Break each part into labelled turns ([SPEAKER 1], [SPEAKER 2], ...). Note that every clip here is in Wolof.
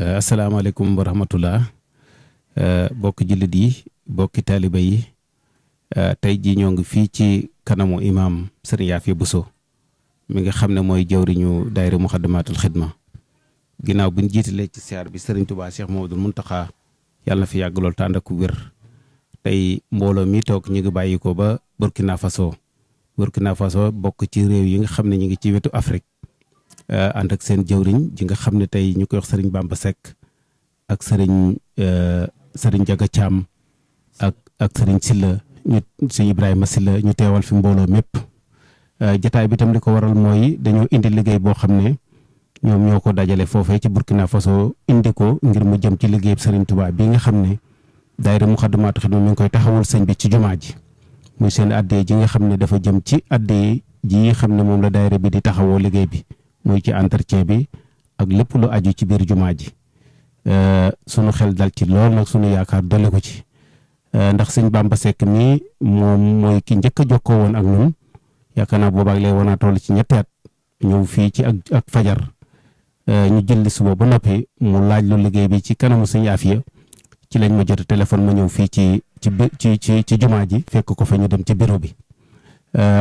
[SPEAKER 1] Euh, asalaamaaleykum wa rahmatullah euh, bokki jullit yi bokki taaliba yi euh, tey jii ñoo ngi fii ci kanamu imaam Serigne Yafi Bousso mi nga xam ne mooy jawriñu daayira Muxaddamaatul Xidma ginnaaw bi ñu jiitalee ci siyaar bi Serigne Touba Cheikh mun taxa yàlla na fi yàgg lool te ànd ak wér tey mbooloo mi toog ñu ngi bàyyi ko ba Burkina Faso Burkina Faso bokk ci réew yi nga xam ne ñu ngi ci wetu Afrique Euh, ànd ak seen jëwriñ ji nga xam ne tey ñu koy wax sëriñ Bamba Seck ak sëriñ sëriñ Jaga Caam ak ak sëriñ Silla ñu sëriñ Ibrahima Silla ñu teewal fi mbooloo mépp euh, jataay bi tam di ko waral mooy dañoo indi liggéey boo xam ne ñoom ñoo ko dajale foofee ci Burkina Faso indi ko ngir mu jëm ci liggéeyub sëriñ tubaab bi nga xam ne day daayira Muxaddamaatul Xidma mi ngi koy taxawul sëñ bi ci jumaa ji muy seen addee ji nga xam ne dafa jëm ci addee ji nga xam ne moom la daayira bi di taxawoo liggéey bi muy ci entretien bi ak lépp lu aju ci biir jumaa ji euh, sunu xel dal ci lool nag sunu yaakaar dolli ko ci euh, ndax sëñ Bamba Seck mii moom mooy ki njëkk a ko woon ak ñun yaakaar naa boobaag lay wanaa toll ci ñetti at ñëw fii ci ak ak fajar euh, ñu jëlli suba ba noppi mu laaj lu liggéey bi ci kanamu sëñ Afia ci lañ ma jot téléphone ma ñëw fii ci ci ci ci ci jumaa ji fekk ko fa ñu dem ci bureau bi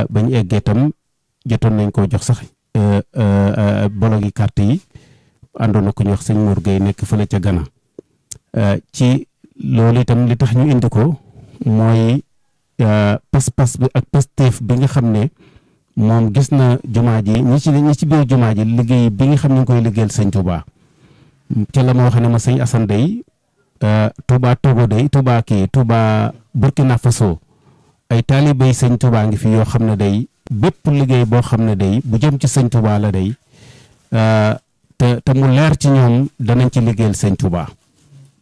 [SPEAKER 1] bañ eggee tam jotoon nañ koo jox sax Euh, euh, euh, bologi carte yi àndoon na ko ñu wax sëñ Mour Gueye nekk fële ca Gana ci loolu itam li tax ñu indi ko mooy pas-pas bi ak pasteef bi nga xam ne moom gis na jumaa ji ñi ci ñi ci biir jumaa ji liggéey bi nga xam ne ñu koy liggéeyal sëñ Touba ca la ma wax ne ma sëñ Assane day Touba Togo day Touba kii Touba Burkina Faso ay taalibey sëñ Touba ngi fi yoo xam ne day bépp liggéey boo xam ne day bu jëm ci sëñ Touba day euh, te te mu leer ci ñoom danañ ci liggéeyal sëñ Touba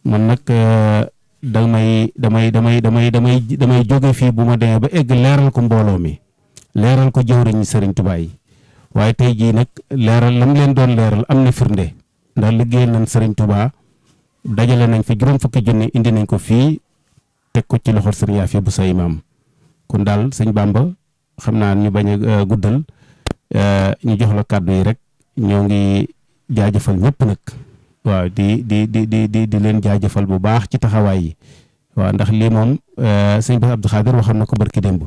[SPEAKER 1] man nag euh, da may damay damay damay damay damay jóge fii bu ma demee ba egg leeral ko mbooloo mi leeral ko jëwriñ sëriñ Touba yi waaye tey jii nag leeral lam leen doon leeral am na firnde ndax liggéeyal nañ sëriñ Touba dajale nañ fi juróom fukki junne indi nañ ko fii teg ko ci loxol sëriñ yaa bu sa imaam kon daal sëñ Bamba xam naa ñu bañ a euh, guddal euh, ñu jox la kàddu yi rek ñoo ngi jaajëfal ñëpp nag waaw di di di di di di leen jaajëfal bu baax ci taxawaay yi waaw ndax lii moom euh, sëñ bi Abdou Khadir waxoon na ko barki démb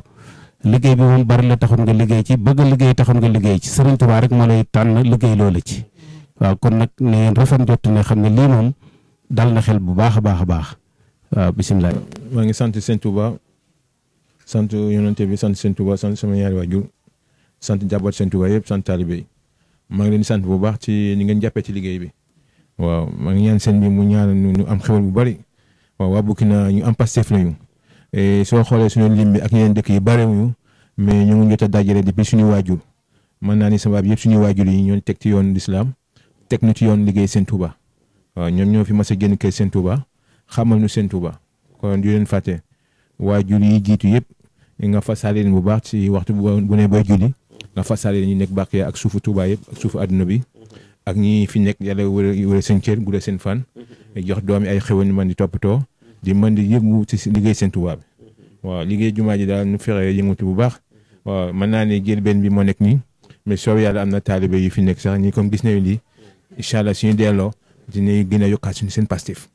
[SPEAKER 1] liggéey bi moom bari la taxoon nga liggéey ci bëgg liggéey taxoon nga liggéey ci Sëriñ Tuubaa rek moo lay tànn liggéey loola ci waaw kon nag ne rafet jot ne xam ne lii moom dal na xel bu baax a baax a baax waaw bisimilah.
[SPEAKER 2] maa ngi sant sëñ Tuubaa sant yonante bi sant seen Tuuba sant sama ñaari waajur sant jàbbat seen Tuuba yëpp sant taalibe yi maa ngi leen sant bu baax ci ni ngeen jàppee ci liggéey bi waaw maa ngi ñaan seen bi mu ñaan ñu am xewal bu bari waaw waa Burkina ñu am Pastef lañu soo xoolee suñu lim bi ak yeneen dëkk yi barewuñu mais ñu ngi jot a dajale depuis suñu waajur mën naa ni sabab yëpp suñu waajur yi ñoo teg ci yoon lislaam teg nu ci yoon liggéey seen Tuuba waaw ñoom ñoo fi mas a génn kër seen Tuuba xamal nu seen Tuuba kon du leen fàtte waajur yi jiitu yëpp nga fasale leen bu baax ci waxtu bu ne bay julli nga fasale leen ñu nekk bàq ak suufu Touba yëpp ak suufu àdduna bi ak ñi fi nekk yàlla wërë wërë seen cër guddal seen fan jox doom yi ay xéwal ñu mën di toppatoo di mën di yëngu ci liggéey seen Touba bi waaw liggéey jumaa ji daal ñu fexe yëngatu bu baax waaw mën naa ne jël benn bi moo nekk nii mais soo yàlla am na taalibe yi fi nekk sax ñi comme gis nañu lii incha allah suñu delloo di gën a yokkaat suñu seen pastif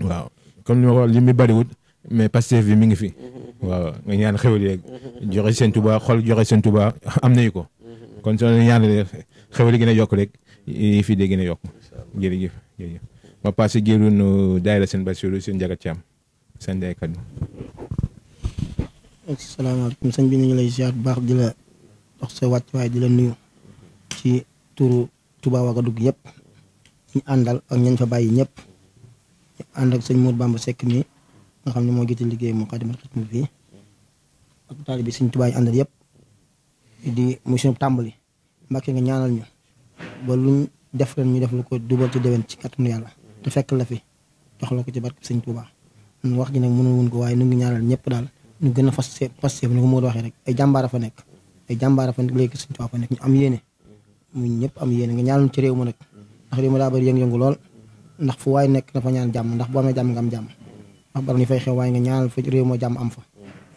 [SPEAKER 2] waaw comme li ma ko li mi bariwut mais pastif bi mi ngi fi waaw nga ñaan xewal yeeg joxe seen tuba xol joxe seen tuba am nañu ko kon soo ñaanalee xewal yi gën a yokk rek yi fi gën a yokk jërëjëf jërëjëf ma passé jëruñu daayira seen Basiru seen jagat ci am seen day kaddu
[SPEAKER 3] asalaamaaleykum sëñ bi ñu ngi lay ziar bu baax di la dox sa wàccuwaay di la nuyu ci turu Touba Ouagadougou yëpp ñu àndal ak ñañ fa bàyyi ñëpp ànd ak sëñ Mour Bamba Seck mi nga xam ne moo jiite liggéey Moukhaddamatoul Khidma fii ak bi Sëriñ Tuubaa yi àndal yëpp di muy suñu tàmbali Mbàkke nga ñaanal ñu ba luñ def ren ñu def lu ko dubal ci déwén ci kàttanu yàlla te fekk la fi jox la ko ci barke Sëriñ Tuubaa wax ji nag mënu woon ko waaye nu ngi ñaanal ñëpp daal ñu gën a fas fas moo waxee rek ay jàmbaara fa nekk ay jàmbaara fa nekk léegi Sëriñ Tuubaa ñu am yéene mu ñëpp am yéene nga ñaanal ci réew ma nag ndax réew ma daa bëri yëngu-yëngu lool ndax fu waay nekk dafa ñaan jàmm ndax boo amee jàmm nga am jàmm ndax bari ni fay xew waaye nga ñaanal fa réew am fa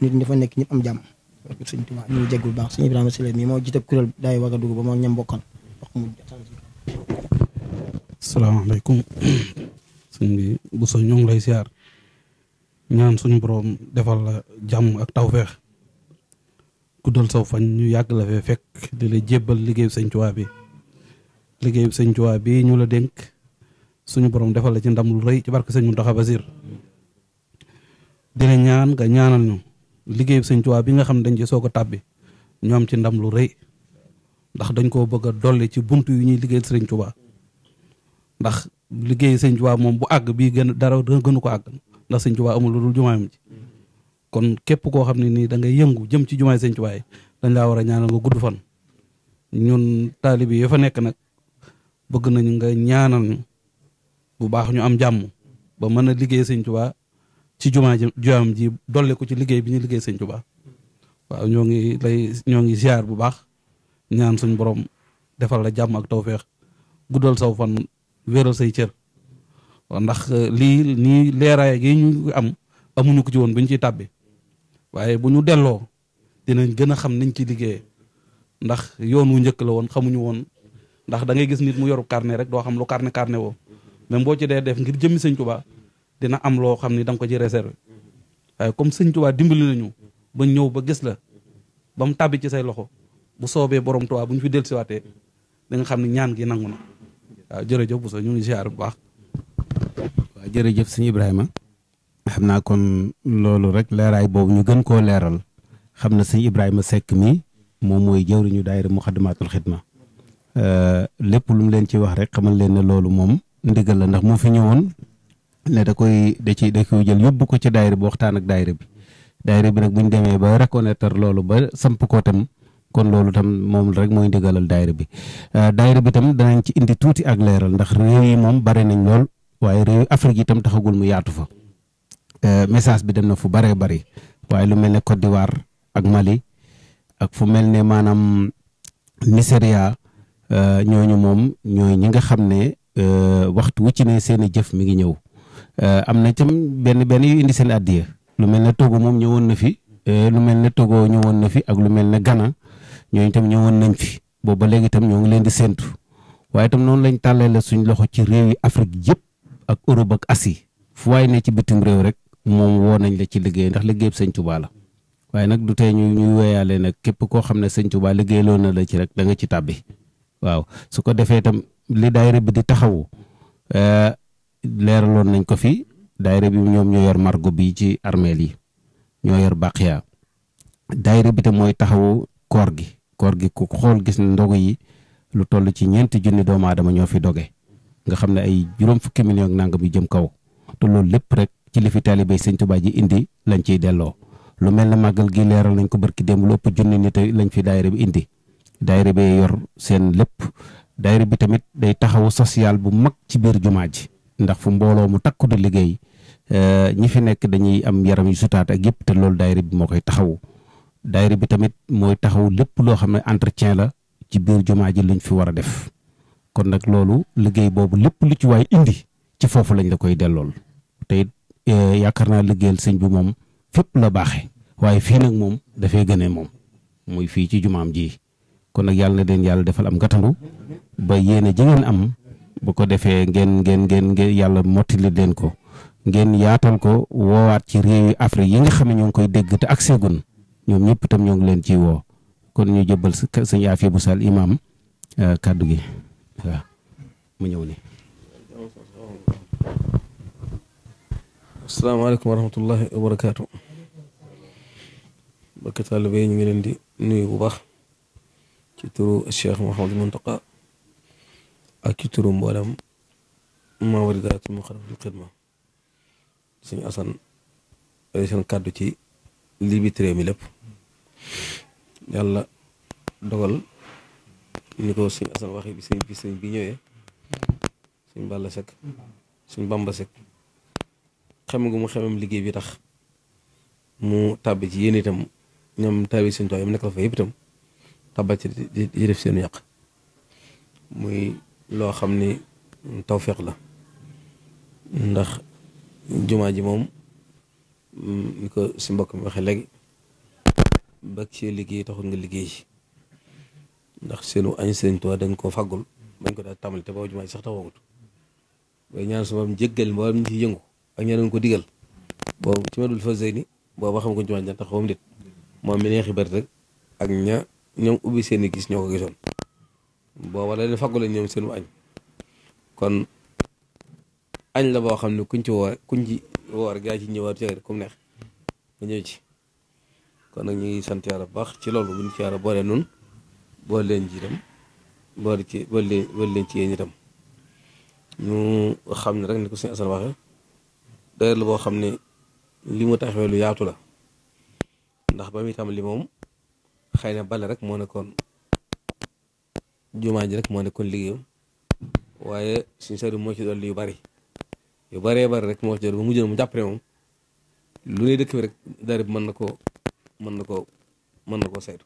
[SPEAKER 3] nit ñi dafa nekk ñëpp am jàmm sëñ Tuubaa baax sëñ Ibrahima Sile moo jiite kuréel daay waga dugg ba moo ñam bokkal wax mu asalaamaaleykum
[SPEAKER 4] sëñ bi bu so ñoo ngi lay ñaan suñu borom defal la jàmm ak tawfeex guddal saw fa ñu yàgg la fee fekk di la jébbal liggéey sëñ bi liggéeyu sëñ bi ñu la dénk suñu borom defal la ci ndam lu rëy ci barke sëñ Muntaxa Basiir di la ñaan nga ñaanal ñu liggéey sëñ bi nga xam dañ ci soog a tàbbi ñoom ci ndam lu rëy ndax dañ koo bëgg a dolli ci bunt yu ñuy liggéey sëñ Tuubaa ndax liggéey sëñ Tuubaa moom bu àgg bii gën dara gënu ko àgg ndax sëñ Tuubaa amul lu dul jumaayam ci kon képp koo xam ne nii dangay yëngu jëm ci jumaay sëñ Tuubaa yi dañ laa war a ñaanal nga gudd fan ñun taalibe yi fa nekk nag bëgg nañ nga ñaanal bu baax ñu am jàmm ba mën a liggéey sëñ ci jumaa ji ji dolli ko ci liggéey bi ñu liggéey sañ Tuubaa waaw ñoo ngi lay ñoo ngi ziar bu baax ñaan suñ boroom defal la jàmm ak tawféex guddal saw fan wéral say cër ndax euh, lii nii leeraay gi ñu am amuñu ko ci woon bu ñu ciy tàbbi waaye bu ñu delloo dinañ gën a xam nañ ci liggéeyee ndax yoon wu njëkk la woon xamuñu woon ndax da ngay gis nit mu yoru karne rek doo xam lu carnet carnet woo même boo ci dee def ngir jëmmi sëñ Tuubaa dina am loo xam ni da nga ko ci réserve waaye comme sëñ Tuubaa dimbali nañu ba ñëw ba gis la ba mu tàbbi ci say loxo bu soobee borom Tuubaa bu ñu fi dellusiwaatee da nga xam ne ñaan gi nangu na jërëjëf bu soo ñu ngi ziar bu baax.
[SPEAKER 1] jërëjëf sëñ Ibrahima. xam naa kon loolu rek leeraay boobu ñu gën koo leeral xam na sëñ Ibrahima sekk mi moom mooy jëwriñu daayira Muxaddamaatul Xidma euh, lépp lu mu leen ci wax rek xamal leen ne loolu moom ndigal la ndax moo fi ñëwoon ne da koy da ci da koy jël yóbbu ko ci daayira bi waxtaan ak daayira bi daayira bi nag bu ñu demee ba reconnaître loolu ba samp ko tam kon loolu tam moom rek mooy ndigalal daayira bi euh, daayira bi tam danañ ci indi tuuti ak leeral ndax réew yi moom bare nañ lool waaye réew Afrique yi tam taxagul mu yaatu fa euh, message bi dem na fu bare bari waaye lu mel ne Côte d'Ivoire ak Mali ak fu mel ne maanaam Nigeria euh, ñooñu moom ñooy ñi nga xam ne waxtu wu ci ne seen i jëf mi ngi ñëw. Euh, am na tam benn benn yu indi seen addiya lu mel ne Togo moom ñëwoon na fi euh, lu mel ne Togo ñëwoon na fi ak lu mel ne Ghana ñooñu tam ñëwoon nañ fi boobu ba léegi tam ñoo ngi leen di séentu waaye tam noonu lañ tàllee la suñ loxo ci réew yi Afrique yëpp ak Europe ak Asie fu waay ne ci bitim réew rek moom woo nañ la ci liggéey ndax liggéey sëñ la waaye nag du tey ñu ñuy wéyaale nag képp koo xam ne sëñ liggéey liggéeyloo na la ci rek da nga ci tàbbi waaw su ko defee tam li daayira bi di taxawu euh, leeraloon nañ ko fi daayira bi ñoom ñoo yor margo bi ci armeel yi ñoo yor baqiya daayira bi te mooy taxawu koor gi koor gi ku xool gis ne ndogu yi lu toll ci ñeenti junni doomu aadama ñoo fi doge nga xam ne ay juróom fukki million nangam yu jëm kaw te loolu lépp rek ci li fi taalibey sëñ Tuubaa ji indi lañ ciy delloo lu mel ne màggal gi leeral nañ ko barki démb lu ëpp junni nit lañ fi daayira bi indi daayira bi yor seen lépp daayira bi tamit day taxawu social bu mag ci biir jumaa ji ndax fu mbooloo mu takku di liggéey eh, ñi fi nekk dañuy am yaram yu sutaat ak yëpp te loolu daayira bi moo koy taxawu daayira bi tamit mooy taxaw lépp loo xam ne entretien la ci biir jumaa ji luñ fi war a def kon nag loolu liggéey boobu lépp lu ci waay indi ci foofu lañ la koy dellool te eh, yaakaar naa liggéeyal sëñ bi moom fépp la baaxe waaye fii nag moom dafay gënee moom muy fii ci jumaam ji kon nag yàlla na leen yàlla defal am ngatandu ba yéene ji bu ko defee ngeen ngeen ngeen ngeen yàlla mottali leen ko ngeen yaatal ko woowaat ci réew yi Afrique yi nga xam ne ñoo ngi koy dégg te ak seegun ñoom ñëpp itam ñoo ngi leen ci woo kon ñu jëbbal sëñ Afia bu sal imaam euh, kàddu gi mu
[SPEAKER 5] ñëw ni asalaamaaleykum wa rahmatullahi wa barakaatu ñu ngi leen di nuyu bu baax ak ci turu mboolem membre yi daal ci Moukhaddamatoul Khidma suñu asan seen kàddu ci lii bi mi lépp yàlla dogal ni ko suñu asan waxee bi sëñ bi ñëwee suñ Balla Seck suñ Bamba Seck xam nga mu xamam liggéey bi tax mu tàbbi ci yéen itam ñam tàbbi suñ tool yi mu nekkal fa yëpp itam tàbbal ci di def seen yàq muy loo xam ni tawféex la ndax jumaa ji moom ni ko si mbokk mi waxee léegi bak see liggéey taxul nga liggéey ndax seenu añ sëriñ Tuubaa dañ koo faggul bañ ko daal tàmbali te boobu jumaa ji sax taxawagut bay ñaan suma moom jéggal mboolem ñu ci yëngu ak ña doon ko digal boobu ci ma dul fa sëy ni boobu xam ko jumaa ji taxawam dit moom mi neexi bari rek ak ña ñoom ubbi seeni gis ñoo ko gisoon booba la leen faggu la ñoom seenu añ kon añ la boo xam ne kuñ ci woor kuñ ci woor gaa ci ñëwaat ci comme neex nga ñëw ci kon nag ñu ngi sant yàlla bu baax ci loolu buñ ci yàlla boole noonu boo leen ji itam boole ci boole leen boole ci yéen itam ñu xam ne rek ni ko suñu asan waxee dayal la boo xam ne li mu taxawee lu yaatu la ndax ba muy tam li moom xëy na bale rek moo nekkoon jumaa ji rek moo nekkoon liggéeyam waaye suñ sari moo ci dolli yu bari yu baree bari rek moo ci dolli ba mujj mu jàppale moom lu ne dëkk bi rek daara bi mën na koo mën na koo mën na koo saytu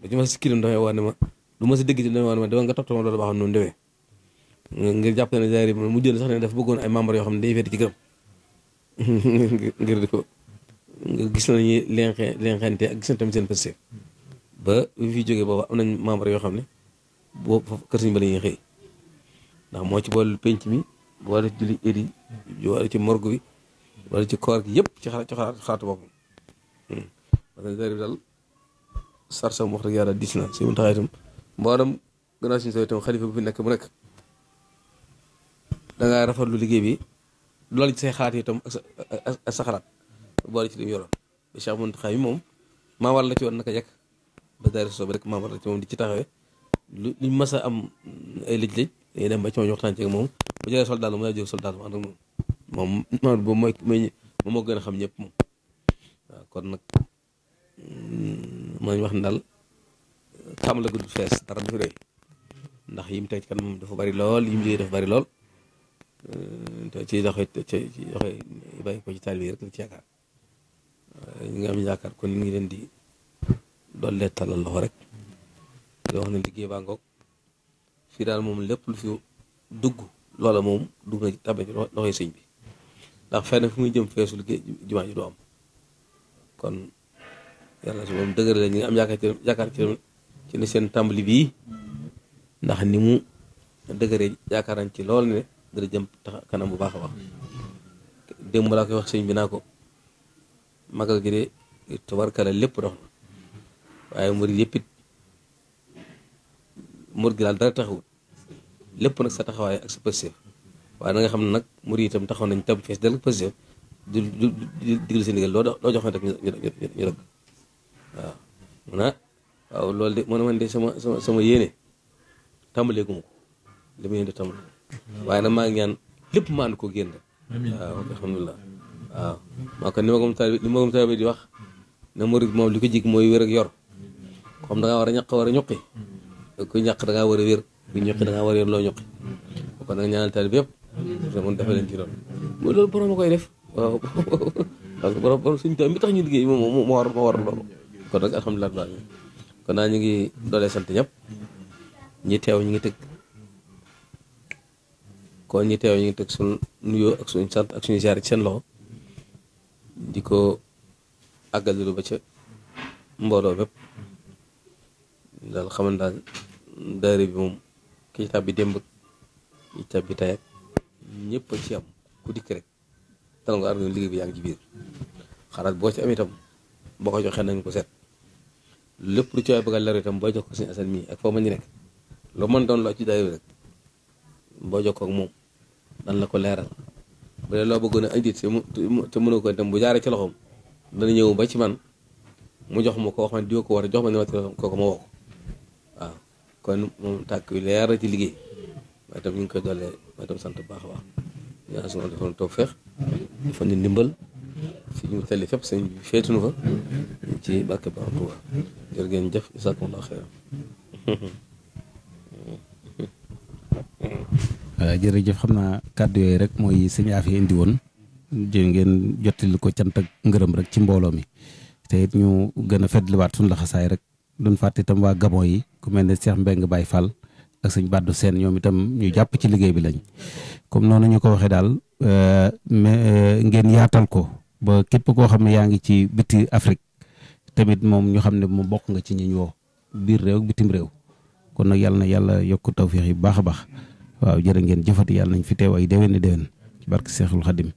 [SPEAKER 5] da ci ma si kilim damay wax ma lu ma si dégg ci damay wax ne ma dama nga toppatoo ma loolu ba xam noonu demee ngir jàpp ne daara mu mujj sax ne dafa bëggoon ay membres yoo xam ne day féete ci gërëm ngir di ko nga gis nañu lenqee lenqeente ak gis na tamit seen pëste ba bi fi jógee booba am nañ membre yoo xam ne boo kër suñu ba la ñuy xëy ndax moo ci boole penc mi boole ci julli éri boole ci morgue bi boole ci koor gi yëpp ci xalaat ci xalaatu hmm. wax dëgg yàlla dis na si mu nekk bu nekk da rafetlu liggéey bi loolu ci say xalaat yi itam ak sa ak sa xalaat boole ci li yoroon ba Cheikh Mountakha mi moom maa war ci woon naka yekk ba daari soob rek maa war ci moom di ci taxawee lu ñu mës a am ay lëj-lëj dañuy dem ba ci ñu waxtaan ci moom bu jëlee soldat la mu lay jël soldat mu ànd ak moom moom boobu mooy moom moo gën a xam ñëpp moom kon nag maa mm, ngi wax ne daal xam la gudd fees dara du fi ndax yi mu teg kan moom dafa bari lool yi mu dafa bari lool euh, te ci doxe ci doxe bàyyi ko ci taal bi rek la ci yaakaar ñi nga am yaakaar kon ñu ngi leen di dollee talal loxo rek. di wax ne liggéey baa ngoog fii daal moom lépp lu fi dugg loola moom dugg na ci tabe ci sëñ bi ndax fenn fu muy jëm feesul jumaa ji du am kon yàlla su moom dëgër ñu ngi am yaakaar ci yaakaar seen tàmbali bii ndax ni mu dëgëree yaakaar nañ ci lool ne dana jëm tax kanam bu baax a baax démb laa koy wax sëñ bi naa ko magal gi de tubarkala lépp dox na waaye murid yëpp mur gi daal dara taxawul lépp nag sa taxawaay ak sa pëstéef waaye na nga xam ne nag mur yi itam taxaw nañ tam fees dal ak pëstéef du du seen ndigal loo jox rek ñu de man man de sama sama sama yéene ma ko li ma yéene ñaan lépp maa ànd koo génn. waaw alhamdulilah waaw maa ko ni ma ko taal ni ma ko taal di wax ne murid moom li ko jig mooy wér ak yor comme da ngaa war a war a ñuqi ku ñàq da ngaa war a wér ku ñuqi da war a wér loo ñuqi kon nag ñaanal taal bi yëpp mun dafa leen ci loolu mooy loolu borom a koy def waaw parce suñu taal tax ñu liggéey moom moo war moo war loolu kon nag alhamdulilah kon naa ñu ngi doolee sant ñëpp ñi teew ñu ngi tëgg kon ñi teew ñi ngi tëgg suñu nuyoo ak suñu sant ak suñu ziar ci seen loxo di ko àggalilu ba ca mbooloo bépp daal xaman daayira bi moom ki tàbbi démb ki tàbbi tey ak ñëpp ci am ku dikk rek dal nga ànd liggéey bi yaa ngi ci biir xalaat boo ci am itam boo ko joxee nañ ko set lépp lu ci waay bëgg a leer jox ko suñu mii ak foo mën di nekk loo mën loo ci daayira bi rek moom dan la ko leeral bu dee loo bëggoon a indi te mu te mënoo ko itam bu jaaree ci loxoom dana ñëw ba ci man mu jox ma ko wax man ko war a jox ma ne ma kooku ma woo ko kon moom tàkk yu leer ci liggéey waaye tam ñu ngi koy doolee waaye tam sant bu baax a baax ñaan suñu defoon toog feex dafa ni ndimbal sëñ bi féetunu fa ci barke ba Tuuba jërë ngeen jëf
[SPEAKER 1] jërëjëf xam naa kàddu yooyu rek mooy sëñ Afi indi woon jërë ngeen jottali ko cant ngërëm rek ci mbooloo mi te it ñu gën a fëddaliwaat suñu laxasaay rek duñ fàtte itam waa Gabon yi ku mel ne Cheikh Mbengue Baye Fall ak sëñ Badou Sène ñoom itam ñu jàpp ci liggéey bi lañ comme noonu ñu ko waxee daal euh, mais euh, ngeen yaatal ko ba képp koo xam ne yaa ngi ci biti Afrique tamit moom ñu xam ne mu bokk nga ci ñiñ woo biir réew bitim réew kon nag yàlla na yàlla yokk tawféex yi bu baax a baax waaw jërë ngeen jëfati yàlla nañ fi teew ay déwén i déwén ci barke Seexul Xadim